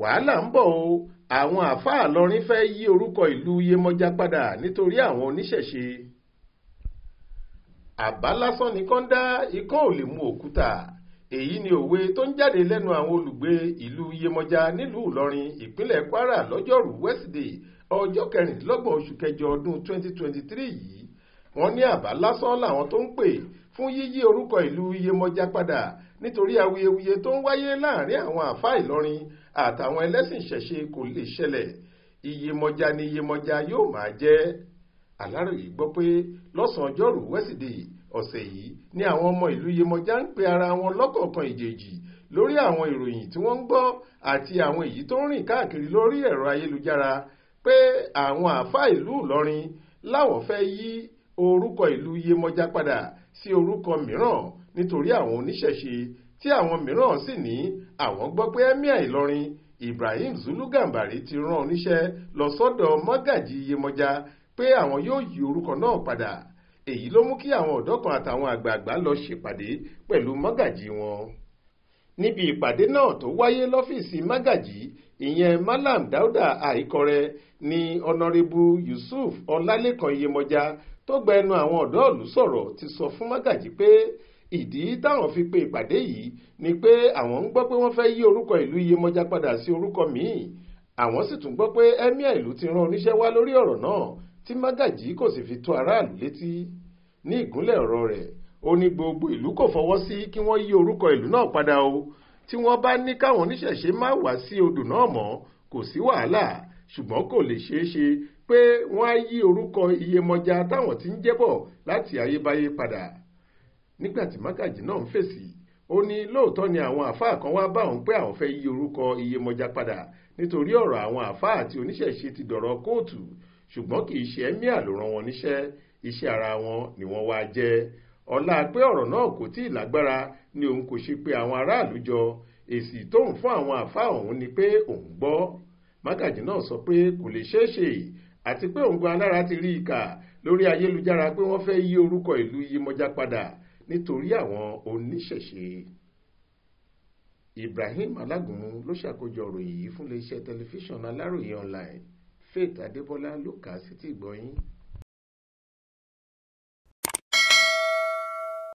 wàhálà ń bọ̀ o àwọn àáfàá lọrin fẹ́ yí orúkọ ìlú Yemọja padà nítorí àwọn oníṣẹ̀ṣe àbá lásán nìkan dá ikán ò lè mu òkúta èyí ni òwe tó ń jáde lẹ́nu àwọn olùgbé ìlú Yemọja nílùú Ìlọrin ìpínlẹ̀ Kwara lọ́jọ́rùú Wednesday ọjọ́ kẹrìndínlọ́gbọ̀n oṣù kẹjọ ọdún 2023 yìí wọ́n ní àbá lásán làwọn tó ń pè fún yíyí orúkọ ìlú Iyemọja padà nítorí awuyewuye tó ń wáyé láàrin àwọn àáfàá Ìlọrin àtàwọn ẹlẹ́sìn ìṣẹ̀ṣe kò lè ṣẹlẹ̀ Iyemọja ni Iyemọja yóò máa jẹ́ Aláròyé gbọ́ pé lọ́sàn-án ọjọ́rùú wẹ́sídẹ̀ẹ́ ọ̀sẹ̀ yìí ni àwọn ọmọ ìlú Iyemọja ń pe ara wọn lọ́kọ̀ọ̀kan ìjèjì lórí àwọn ìròyìn tí wọ́n ń gbọ́ àti àwọn èyí tó ń rìn káàkiri lórí ẹ̀rọ ayélujára pé àwọn àáfàá ìlú Ìlọrin láwọn fẹ́ yí orúkọ ìlú Yemọja padà sí orúkọ mìíràn nítorí àwọn oníṣẹ̀ṣe tí àwọn mìíràn sì ní àwọn gbọ́ pé emir Ìlọrin Ibrahim Zulu Gambari ti rán oníṣẹ́ lọ sọ́dọ̀ mọ́gàjì Yemọja pé àwọn yóò yí orúkọ náà padà èyí ló mú kí àwọn ọ̀dọ́ kan àtàwọn àgbààgbà lọ ṣèpàdé pẹ̀lú mọ́gàjì wọn níbi ìpàdé náà tó wáyé lọ́fíìsì mágàjì ìyẹn malam dauda àìkọrẹ ni ọ̀nàrẹ́bù yusuf ọlálékàn iyemọja tó gba ẹnu àwọn ọ̀dọ́ ìlú sọ̀rọ̀ ti sọ fún mágàjí pé ìdí táwọn fi pe ìpàdé yìí ni pé àwọn ń gbọ́ pé wọ́n fẹ́ yí orúkọ ìlú iyemọja padà sí orúkọ míì àwọn sì tún gbọ́ pé emir ìlú ti rán oníṣẹ́ wá lórí ọ̀rọ̀ náà tí mágàjí kò sì fi tó aráàlú létí ní ìgúnlẹ̀ ọ̀rọ̀ rẹ̀ ó ní gbogbo ìlú kò fọwọ́ sí kí wọ́n yí orúkọ ìlú náà padà o tí wọ́n bá ní káwọn oníṣẹ̀ṣe má wá sí odò náà mọ́ kò sí wàhálà ṣùgbọ́n kò lè ṣeé ṣe pé wọ́n á yí orúkọ Iyemọja táwọn ti ń jẹ́bọ̀ láti ayébáyé padà nígbà tí Mágàjí náà ń fèsì ó ní lóòótọ́ ni àwọn àáfàá kan wá bá òun pé àwọn fẹ́ yí orúkọ Iyemọja padà nítorí ọ̀rọ̀ àwọn àáfàá àti oníṣẹ̀ṣe ti dọ̀rọ̀ kóòtù ṣùgbọ́n kì í ṣe ẹ́míà ló wọn níṣẹ́ iṣẹ́ ara wọn ni wọ́n wá jẹ́ ọlá pé ọ̀rọ̀ náà kò tí ì lágbára ni òun kò ṣe pé àwọn aráàlú jọ èsì tóun fún àwọn àáfàá òun ni pé òun gbọ́ mákàjì náà sọ pé kò lè ṣeé ṣe àti pé òun gan alára ti rí ìkà lórí ayélujára pé wọ́n fẹ́ yí orúkọ ìlú Yemọja padà nítorí àwọn oníṣẹ̀ṣe Ibrahim Alágúnmu ló ṣàkójọ ọ̀rọ̀ yìí fún iléeṣẹ́ tẹlifíṣàn Aláròye online Faith Adébọ́lá ló kà á sétí ìgbọ́ yín.